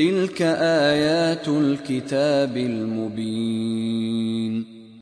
تلك ايات الكتاب المبين